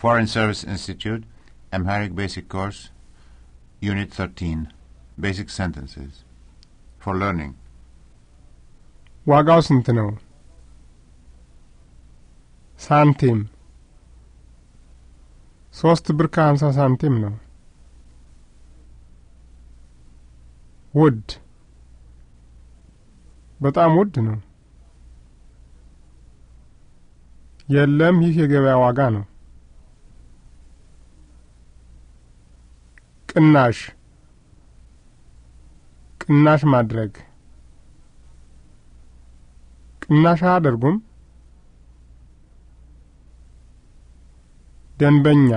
Foreign Service Institute, Amharic Basic Course, Unit 13, Basic Sentences for Learning. Wagosintino Santim Sost Burkansa Santimno Wood But I'm wood to know. የለም ይህ የገበያ ቅናሽ ቅናሽ ማድረግ ቅናሽ አያደርጉም? ደንበኛ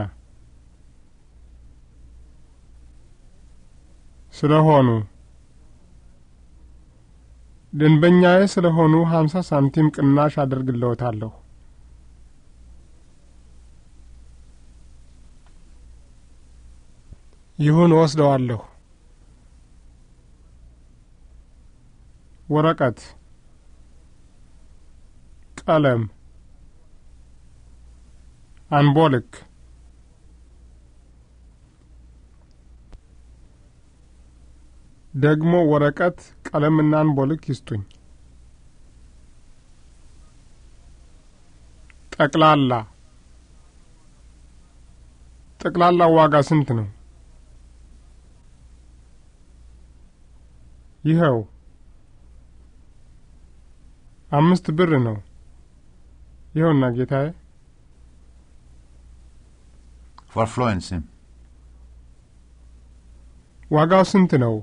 ስለሆኑ ደንበኛዬ ስለሆኑ ሀምሳ ሳንቲም ቅናሽ አደርግልዎታለሁ። ይሁን ወስደዋለሁ። ወረቀት፣ ቀለም፣ አንቦልክ፣ ደግሞ ወረቀት፣ ቀለምና አንቦልክ ይስጡኝ። ጠቅላላ ጠቅላላው ዋጋ ስንት ነው? ይኸው አምስት ብር ነው። ይኸውና ጌታዬ። ቫርፍሎንስም ዋጋው ስንት ነው?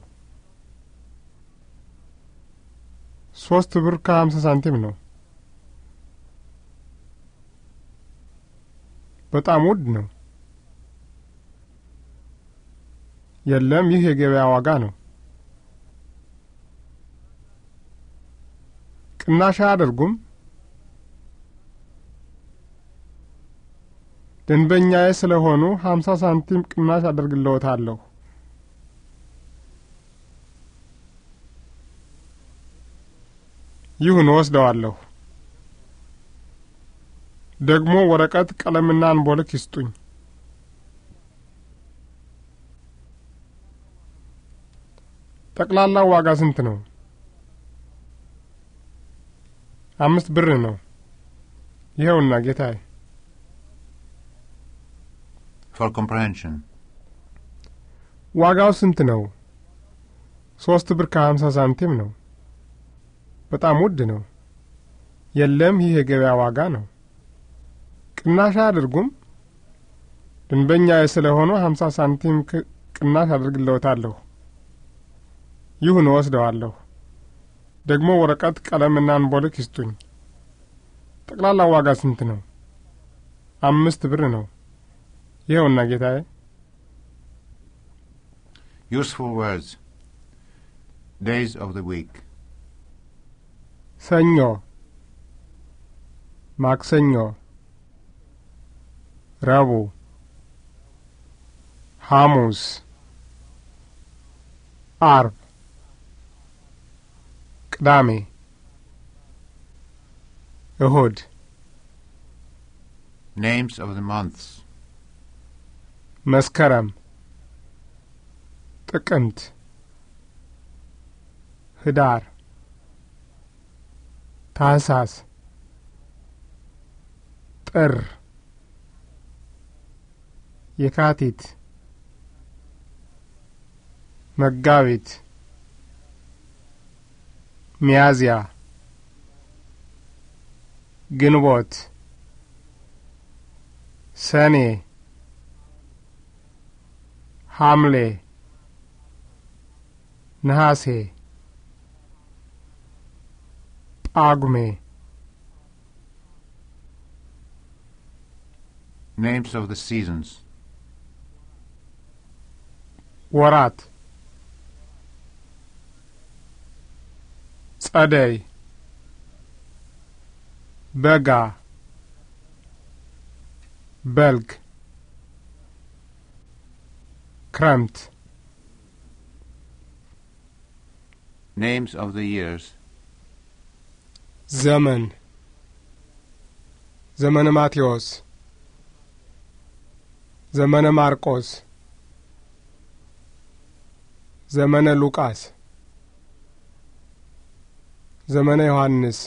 ሶስት ብር ከሀምሳ ሳንቲም ነው። በጣም ውድ ነው። የለም፣ ይህ የገበያ ዋጋ ነው። ቅናሽ አያደርጉም? ደንበኛዬ ስለሆኑ ሀምሳ ሳንቲም ቅናሽ አደርግልዎታለሁ። ይሁን ወስደዋለሁ። ደግሞ ወረቀት ቀለምና አንቦልክ ይስጡኝ። ጠቅላላው ዋጋ ስንት ነው? አምስት ብር ነው። ይኸውና ጌታዬ። ፎር ኮምፕሬንሽን ዋጋው ስንት ነው? ሶስት ብር ከሀምሳ ሳንቲም ነው። በጣም ውድ ነው። የለም፣ ይህ የገበያ ዋጋ ነው። ቅናሽ አድርጉም። ደንበኛዬ ስለሆኑ ሀምሳ ሳንቲም ቅናሽ አድርግለውታለሁ። ይሁን፣ እወስደዋለሁ። ደግሞ ወረቀት፣ ቀለምና አንቦልክ ይስጡኝ። ጠቅላላ ዋጋ ስንት ነው? አምስት ብር ነው። ይኸውና ጌታዬ። ዩስፉል ወርድስ ዴይዝ ኦፍ ዘ ዊክ ሰኞ፣ ማክሰኞ፣ ረቡዕ፣ ሐሙስ፣ አርብ Dami Uhud Names of the months Maskaram Takant Hidar Tasas Tar Yekatit, Magavit. ሚያዝያ ግንቦት ሰኔ Hamle, ነሐሴ Agme. Names of the seasons. Warat. ጸደይ በጋ በልግ ክረምት Names of the years. Zeman. Zeman Matthios. Zeman ዘመነ ዮሐንስ